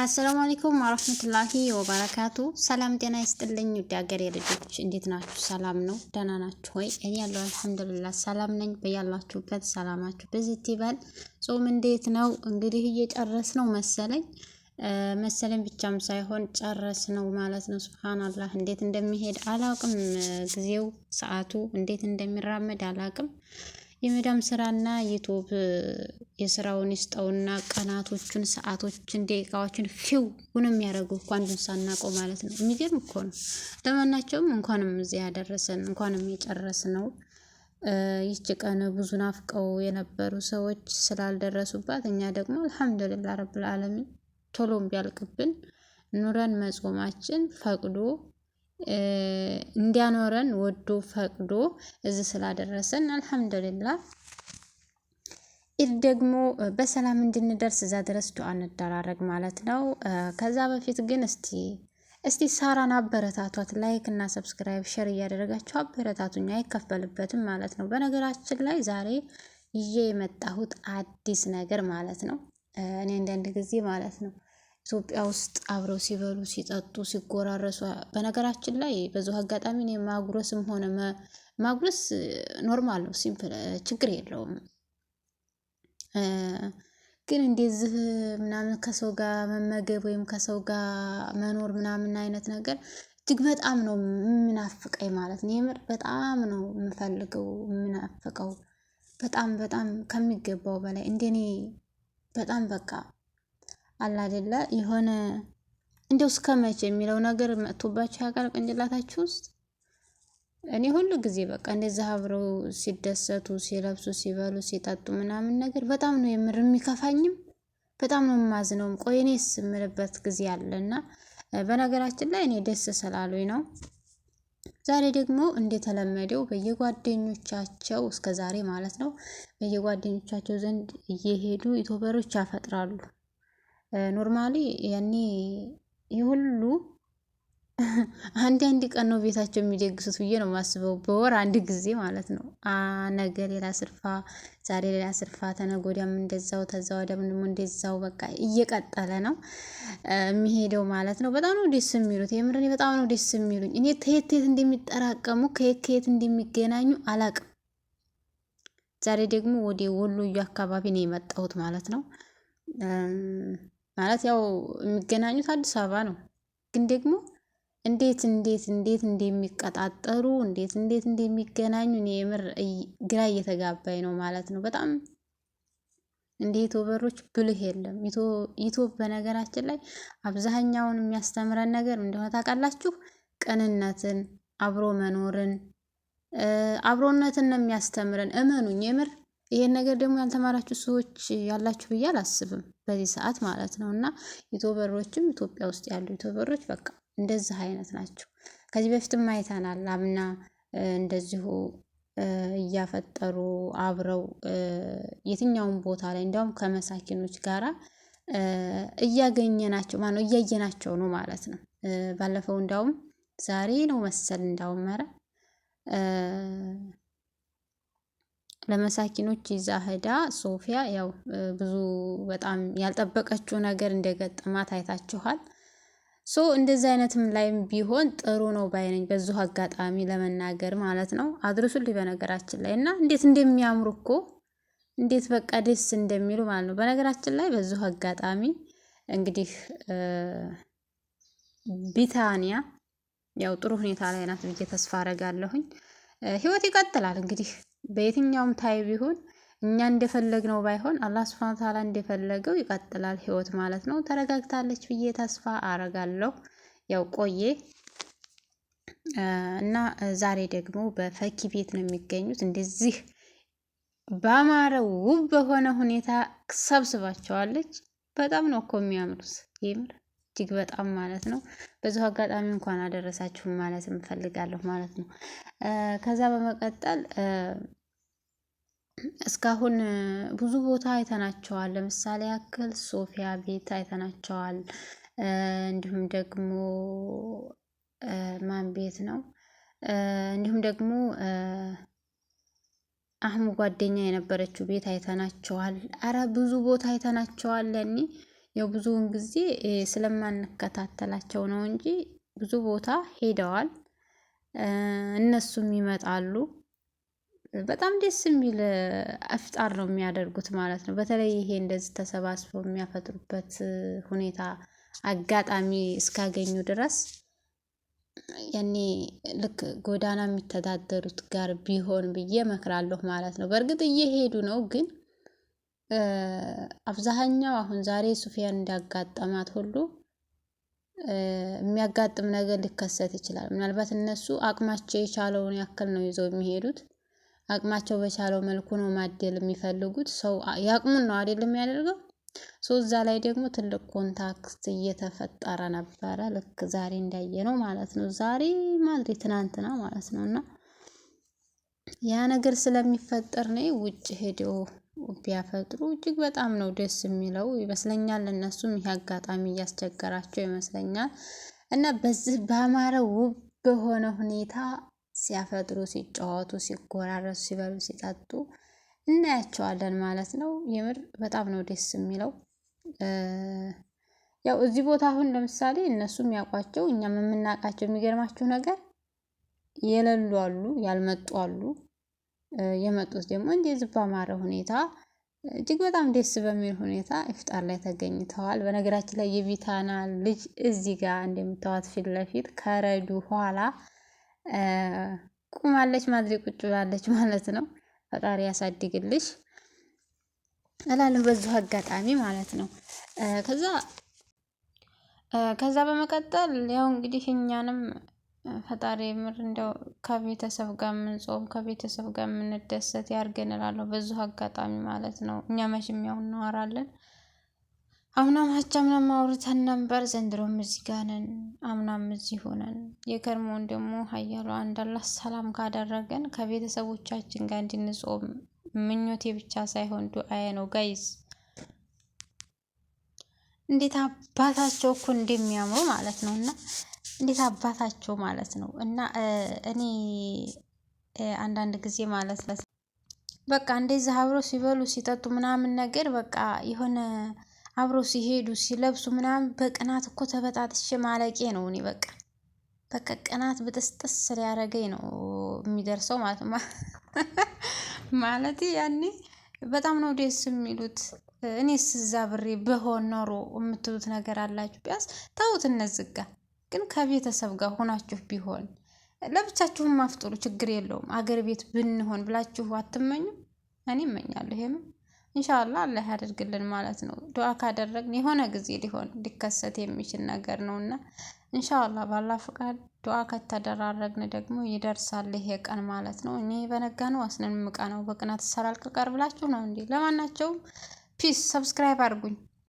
አሰላሙ አለይኩም ወራህመቱላሂ ወበረካቱ። ሰላም ጤና ይስጥልኝ ውድ ሀገሬ ልጆች እንዴት ናችሁ? ሰላም ነው? ደህና ናችሁ ወይ? እኔ ያለው አልሐምዱሊላህ ሰላም ነኝ። በያላችሁበት ሰላማችሁ ብዝት ይበል። ጾም እንዴት ነው? እንግዲህ እየጨረስ ነው መሰለኝ መሰለኝ ብቻም ሳይሆን ጨረስ ነው ማለት ነው። ሱብሃንአላህ እንዴት እንደሚሄድ አላውቅም። ጊዜው ሰዓቱ እንዴት እንደሚራመድ አላውቅም። የመዳም ስራና ዩቱብ የስራውን ይስጠውና ቀናቶችን፣ ሰዓቶችን፣ ደቂቃዎችን ፊው ውን የሚያደርጉ እኮ አንዱን ሳናውቀው ማለት ነው። የሚገርም እኮ ነው። ለማናቸውም እንኳንም እዚህ ያደረሰን እንኳንም የጨረስ ነው። ይች ቀን ብዙ ናፍቀው የነበሩ ሰዎች ስላልደረሱባት እኛ ደግሞ አልሐምዱሊላ ረብል ዓለሚን ቶሎም ቢያልቅብን ኑረን መጾማችን ፈቅዶ እንዲያኖረን ወዶ ፈቅዶ እዚህ ስላደረሰን አልሐምዱሊላህ። ኢድ ደግሞ በሰላም እንድንደርስ እዛ ድረስ ዱዓ እንደራረግ ማለት ነው። ከዛ በፊት ግን እስቲ እስቲ ሳራን አበረታቷት። ላይክ እና ሰብስክራይብ ሸር እያደረጋችሁ አበረታቱኝ፣ አይከፈልበትም ማለት ነው። በነገራችን ላይ ዛሬ ይዤ የመጣሁት አዲስ ነገር ማለት ነው እኔ አንዳንድ ጊዜ ማለት ነው ኢትዮጵያ ውስጥ አብረው ሲበሉ ሲጠጡ ሲጎራረሱ፣ በነገራችን ላይ በዙ አጋጣሚ እኔ ማጉረስም ሆነ ማጉረስ ኖርማል ነው፣ ሲምፕል ችግር የለውም። ግን እንደዚህ ምናምን ከሰው ጋር መመገብ ወይም ከሰው ጋር መኖር ምናምን አይነት ነገር እጅግ በጣም ነው የምናፍቀኝ ማለት ነው። የምር በጣም ነው የምፈልገው የምናፍቀው በጣም በጣም ከሚገባው በላይ እንደኔ በጣም በቃ አለ የሆነ እንደው እስከ መቼ የሚለው ነገር መጥቶባቸው ያውቃል ቅንጭላታችሁ ውስጥ? እኔ ሁሉ ጊዜ በቃ እንደዚህ አብረው ሲደሰቱ፣ ሲለብሱ፣ ሲበሉ፣ ሲጠጡ ምናምን ነገር በጣም ነው የምር የሚከፋኝም በጣም ነው የማዝነውም። ቆይ እኔ ስምልበት ጊዜ አለና በነገራችን ላይ እኔ ደስ ስላሉኝ ነው። ዛሬ ደግሞ እንደተለመደው በየጓደኞቻቸው እስከ ዛሬ ማለት ነው በየጓደኞቻቸው ዘንድ እየሄዱ ዩቱበሮች ያፈጥራሉ። ኖርማሊ ያኔ የሁሉ አንድ አንድ ቀን ነው ቤታቸው የሚደግሱት ብዬ ነው የማስበው። በወር አንድ ጊዜ ማለት ነው። ነገ ሌላ ስርፋ፣ ዛሬ ሌላ ስርፋ፣ ተነገ ወዲያም እንደዛው፣ ተዛ ወዲያም ደግሞ እንደዛው። በቃ እየቀጠለ ነው የሚሄደው ማለት ነው። በጣም ነው ደስ የሚሉት። የምር እኔ በጣም ነው ደስ የሚሉኝ። እኔ ከየት ከየት እንደሚጠራቀሙ ከየት ከየት እንደሚገናኙ አላቅም። ዛሬ ደግሞ ወደ ወሎዩ አካባቢ ነው የመጣሁት ማለት ነው። ማለት ያው የሚገናኙት አዲስ አበባ ነው። ግን ደግሞ እንዴት እንዴት እንዴት እንደሚቀጣጠሩ እንዴት እንዴት እንደሚገናኙ እኔ የምር ግራ እየተጋባኝ ነው ማለት ነው። በጣም እንደ ዩቱበሮች ብልህ የለም። ዩቱብ በነገራችን ላይ አብዛኛውን የሚያስተምረን ነገር እንደሆነ ታውቃላችሁ፣ ቅንነትን፣ አብሮ መኖርን፣ አብሮነትን ነው የሚያስተምረን። እመኑኝ የምር ይሄን ነገር ደግሞ ያልተማራችሁ ሰዎች ያላችሁ ብዬ አላስብም፣ በዚህ ሰዓት ማለት ነው። እና ዩቱበሮችም ኢትዮጵያ ውስጥ ያሉ ዩቱበሮች በቃ እንደዚህ አይነት ናቸው። ከዚህ በፊትም አይተናል። አምና እንደዚሁ እያፈጠሩ አብረው የትኛውን ቦታ ላይ እንዲያውም ከመሳኪኖች ጋራ እያገኘ ናቸው ማነው እያየናቸው ነው ማለት ነው። ባለፈው እንዲያውም ዛሬ ነው መሰል እንዳውም መረ ለመሳኪኖች ይዛ ሄዳ ሶፊያ ያው ብዙ በጣም ያልጠበቀችው ነገር እንደገጠማት አይታችኋል። ሶ እንደዚህ አይነትም ላይም ቢሆን ጥሩ ነው ባይነኝ በዙ አጋጣሚ ለመናገር ማለት ነው። አድርሱልኝ በነገራችን ላይ እና እንዴት እንደሚያምሩ እኮ እንዴት በቃ ደስ እንደሚሉ ማለት ነው። በነገራችን ላይ በዙ አጋጣሚ እንግዲህ ቢታንያ ያው ጥሩ ሁኔታ ላይ ናት ብዬ ተስፋ አረጋለሁኝ። ህይወት ይቀጥላል እንግዲህ በየትኛውም ታይ ቢሆን እኛ እንደፈለግነው ባይሆን አላህ ሱብሃነሁ ወተዓላ እንደፈለገው ይቀጥላል ህይወት ማለት ነው። ተረጋግታለች ብዬ ተስፋ አረጋለሁ። ያው ቆየ እና ዛሬ ደግሞ በፈኪ ቤት ነው የሚገኙት። እንደዚህ በአማረ ውብ በሆነ ሁኔታ ሰብስባቸዋለች። በጣም ነው እኮ የሚያምሩት የምር እጅግ በጣም ማለት ነው። በዚሁ አጋጣሚ እንኳን አደረሳችሁም ማለት እንፈልጋለሁ ማለት ነው። ከዛ በመቀጠል እስካሁን ብዙ ቦታ አይተናቸዋል። ለምሳሌ ያክል ሶፊያ ቤት አይተናቸዋል። እንዲሁም ደግሞ ማን ቤት ነው? እንዲሁም ደግሞ አህሙ ጓደኛ የነበረችው ቤት አይተናቸዋል። አረ ብዙ ቦታ አይተናቸዋል። ለኔ ያው ብዙውን ጊዜ ስለማንከታተላቸው ነው እንጂ ብዙ ቦታ ሄደዋል። እነሱም ይመጣሉ። በጣም ደስ የሚል እፍጣር ነው የሚያደርጉት ማለት ነው። በተለይ ይሄ እንደዚህ ተሰባስበው የሚያፈጥሩበት ሁኔታ አጋጣሚ እስካገኙ ድረስ ያኔ ልክ ጎዳና የሚተዳደሩት ጋር ቢሆን ብዬ መክራለሁ ማለት ነው። በእርግጥ እየሄዱ ነው ግን አብዛኛው አሁን ዛሬ ሱፊያን እንዳጋጠማት ሁሉ የሚያጋጥም ነገር ሊከሰት ይችላል። ምናልባት እነሱ አቅማቸው የቻለውን ያክል ነው ይዘው የሚሄዱት። አቅማቸው በቻለው መልኩ ነው ማደል የሚፈልጉት። ሰው ያቅሙን ነው አይደል የሚያደርገው። ሶ እዛ ላይ ደግሞ ትልቅ ኮንታክት እየተፈጠረ ነበረ። ልክ ዛሬ እንዳየ ነው ማለት ነው። ዛሬ ማድሬ ትናንትና ማለት ነው። እና ያ ነገር ስለሚፈጠር ነው ውጭ ሄደው ቢያፈጥሩ እጅግ በጣም ነው ደስ የሚለው ይመስለኛል። እነሱም ይህ አጋጣሚ እያስቸገራቸው ይመስለኛል። እና በዚህ በአማረ ውብ በሆነ ሁኔታ ሲያፈጥሩ፣ ሲጫወቱ፣ ሲጎራረሱ፣ ሲበሉ፣ ሲጠጡ እናያቸዋለን ማለት ነው። የምር በጣም ነው ደስ የሚለው። ያው እዚህ ቦታ አሁን ለምሳሌ እነሱ የሚያውቋቸው እኛም የምናውቃቸው የሚገርማችሁ ነገር የሌሉ አሉ፣ ያልመጡ አሉ። የመጡት ደግሞ እንደዚህ ባማረ ሁኔታ እጅግ በጣም ደስ በሚል ሁኔታ ኢፍጣር ላይ ተገኝተዋል። በነገራችን ላይ የቢታና ልጅ እዚህ ጋር እንደምታዋት ፊት ለፊት ከረዱ ኋላ ቁማለች ማድሬ ቁጭ ብላለች ማለት ነው። ፈጣሪ ያሳድግልሽ እላለሁ በዚሁ አጋጣሚ ማለት ነው። ከዛ ከዛ በመቀጠል ያው እንግዲህ እኛንም ፈጣሪ ምር እንደው ከቤተሰብ ጋር የምንጾም ከቤተሰብ ጋር የምንደሰት ያርገን እላለሁ በዚሁ አጋጣሚ ማለት ነው። እኛ መቼም ያው እናወራለን አምናም ሀቻምናም አምናም አውርተን ነበር። ዘንድሮም እዚህ ጋር ነን፣ አምናም እዚህ ሆነን። የከርሞን ደግሞ ሀያሉ አንዳላ ሰላም ካደረገን ከቤተሰቦቻችን ጋር እንድንጾም ምኞቴ ብቻ ሳይሆን ዱአዬ ነው። ጋይዝ እንዴት አባታቸው እኮ እንደሚያምሩ ማለት ነው እና እንዴት አባታቸው ማለት ነው እና እኔ አንዳንድ ጊዜ ማለት በቃ እንደዚህ አብሮ ሲበሉ ሲጠጡ ምናምን ነገር በቃ የሆነ አብረው ሲሄዱ ሲለብሱ ምናምን በቅናት እኮ ተበጣጥሽ ማለቄ ነው። እኔ በቃ በቃ ቅናት ብጥስጥስ ሊያደርገኝ ነው የሚደርሰው ማለት ማለት ያኔ በጣም ነው ደስ የሚሉት። እኔ ስዛ ብሬ በሆን ኖሮ የምትሉት ነገር አላችሁ። ቢያንስ ተውት፣ እነዝጋ ግን ከቤተሰብ ጋር ሆናችሁ ቢሆን ለብቻችሁም ማፍጠሩ ችግር የለውም። አገር ቤት ብንሆን ብላችሁ አትመኙም? እኔ እመኛለሁ ይሄም ኢንሻአላህ አላህ ያደርግልን ማለት ነው። ዱዓ ካደረግን የሆነ ጊዜ ሊሆን ሊከሰት የሚችል ነገር ነው እና ኢንሻአላህ ባላ ፍቃድ ዱዓ ከተደራረግን ደግሞ ይደርሳል ይሄ ቀን ማለት ነው። እኔ በነጋ ነው አስነምቃ ነው በቅናት ሰላልቅ ቀር ነው እንዴ? ለማናቸውም ፒስ ሰብስክራይብ አድርጉኝ።